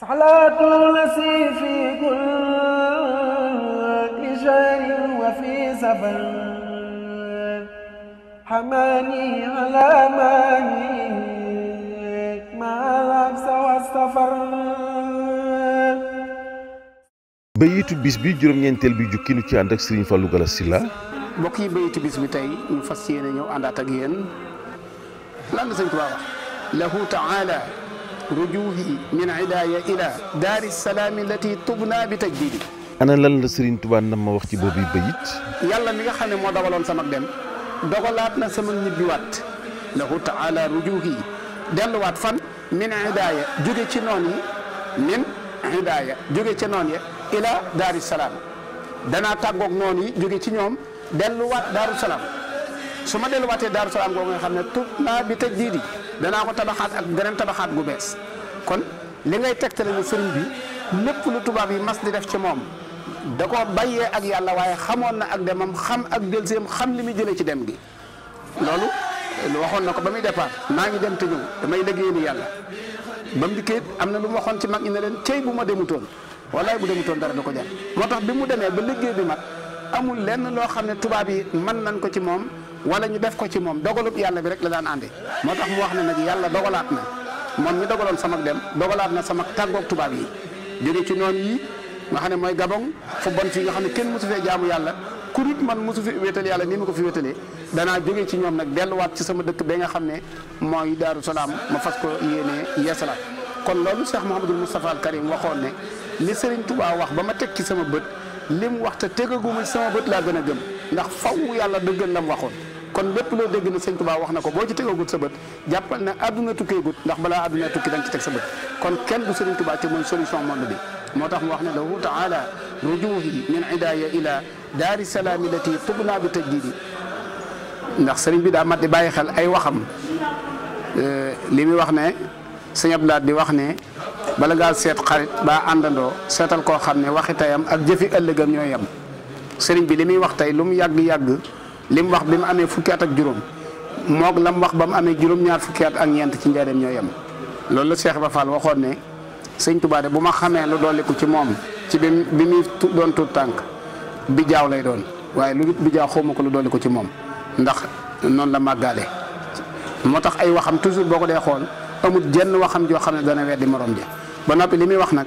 صلاة الذي في كل شهر وفي سفر حماني على ماني مع العبس والسفر bayitu bis bi juróom-ñeenteel bi jukki nu ci ànd ak Serigne Fallou Galass Sylla mbokk yi bayitu bis bi tey ñu fas yéene ñëw àndaat ak yéen lan la Sëñ Tuubaa lahu taala rujuhi min idaaya ila daari salam lati tubna bi tajdiidi ana lan la Serigne Touba nam ma wax ci bobu bayit Yalla mi nga xamne mo dawalon sama dem dogalaat na sama wat lahu taala rujuhi wat fan min idaaya joge ci noon yi min idaaya joge ci noon ya ila daari salam. dana tagok noon yi jóge ci ñoom wat daru salam su ma delluwaatee Daaru Salaam googu nga xam ne tub naa bi tëj diidi danaa ko tabaxaat ak beneen tabaxaat gu bees kon li ngay teg tegtale ni sëriñ bi lépp lu tubaab yi mas di def ci moom da ko bàyyee ak yàlla waaye xamoon na ak demam xam ak delseem xam li mu jëlee ci dem gi loolu waxoon na ko ba muy départ maa ngi dem te ñëw damay liggéey ni yàlla ba mu dikkee am na lu mu waxoon ci mag ñi ne leen cey bu ma demutoon wallaay bu demutoon dara da ko jar moo tax bi mu demee ba liggéey bi mat amul lenn loo xam ne tubaab yi mën nañ ko ci moom wala ñu def ko ci moom dogalub yàlla bi rek la daan ànde moo tax mu wax na nag yàlla dogalaat na moom mi dogaloon samag dem dogalaat na sama tàggoog tubaab yi jóge ci noonu yi nga xam ne mooy gabon fu bon fii nga xam ne kenn mosu fee jaamu yàlla ku nit man mosu fi ni mu ko fi wéetalee danaa jóge ci ñoom nag delluwaat ci sama dëkk ba nga xam ne mooy daaru salaam ma fas ko yéene yeesalaat kon loolu Cheikh Mouhamadul Moustapha al waxoon ne li Serigne Touba wax ba ma teg ci sama bët li mu wax te tegaguma sama bët laa gën a gëm ndax faw yàlla dëggal la mu waxoon kon lépp lo dégg ne seigne touba wax nako bo boo ci tegagut sa bët jàppal aduna àdduna gut ndax bala aduna tukki dang ci tegg sa bët kon kenn du seigne touba ci mooy solution monde bi motax tax mu wax ne lahu taala rujuhi min idaaya ila dar salaami lati tubna bi tajdidi ndax seigne bi da matti baye bàyyi xel ay waxam euh limi wax ne seigne abdallah di wax ne bala ga set xarit ba andando setal ko xamne waxi tayam ak jeufi ëllëgam ñoy yam serigne bi limi wax tay lum yag yag li mu wax bi mu amee fukki at ak juróom moo la mu wax ba mu amee juróom-ñaar fukki at ak ñeent ci njaareem ñoo yem loolu la Cheikh Ibra Fall waxoon ne sëñ Tuubaa de bu ma xamee lu dolliku ci moom ci bi bi muy doon tuut tànk bi jaaw lay doon waaye lu bi jaaw xawma ko lu dolliku ci moom ndax noonu la màggaale moo tax ay waxam toujours boo ko dee xool amut jenn waxam joo xam ne dana di moroom ja ba noppi li muy wax nag.